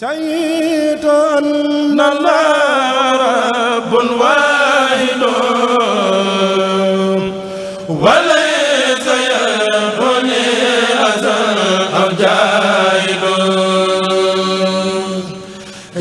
شهدت أن الله رب واحد وليس يبني أزا أو جاهد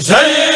شهدت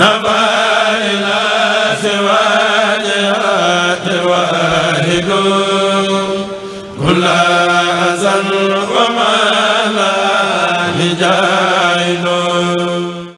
Nava وما لا لجاي